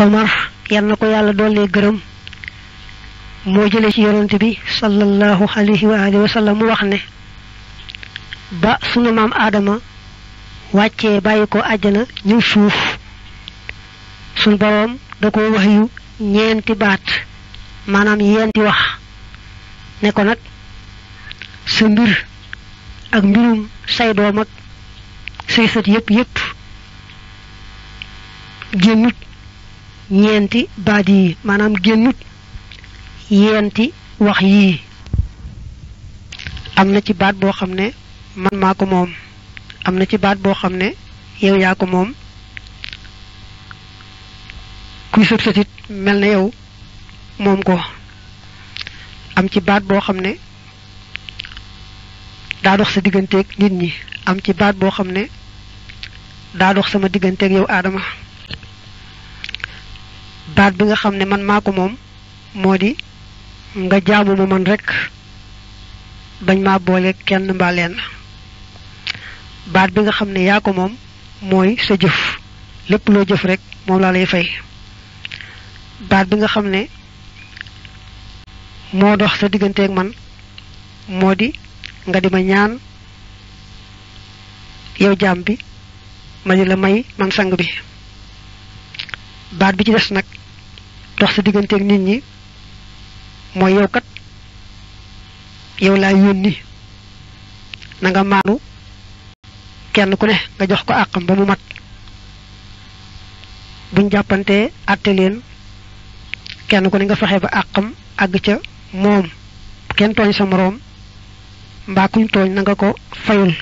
Omar yal na ko yàlla doon doole gërëm moo jëlee ci yonent bi sallallahu alayhi wa alihi wa sallam mu wax ne ba sunu maam Adama wàccee bàyyi ko àjjana ñëw suuf sunu boroom da ko wax yu ñeenti baat maanaam yeenti wax ne ko nag sa mbir ak mbirum say doom ak say sët yëpp yëpp génnut ñeenti baat yi maanaam génnut yeenti wax yii am na ci baat boo xam ne man maa ko moom am na ci baat boo xam ne yow yaa ko moom kuy sët sëtit mel na yow moom ko am ci baat boo xam ne daa sa digganteeg nit ñi am ci baat boo xam ne daa sama digganteek yow aadama baat bi nga xam ne man maa ko moom moo di nga jaamu ma man rekk bañ ma boole kenn mbaa na baat bi nga xam ne yaa ko moom mooy sa jëf lépp loo jëf rekk moom laa lay fay baat bi nga xam ne moo dox sa digganteeg man moo di nga di ma ñaan yow jaam bi ma di la may man sang bi baat bi ci des nag dox sa diggante ak nit ñi mooy yow kat yow laa yónni na nga maanu kenn ku ne nga jox ko àqam ba mu mat buñ jàppantee àtte leen kenn ku ne nga fexe ba àqam àgg ca moom kenn tooñ sa moroom mbaa kuñ tooñ na nga ko fayul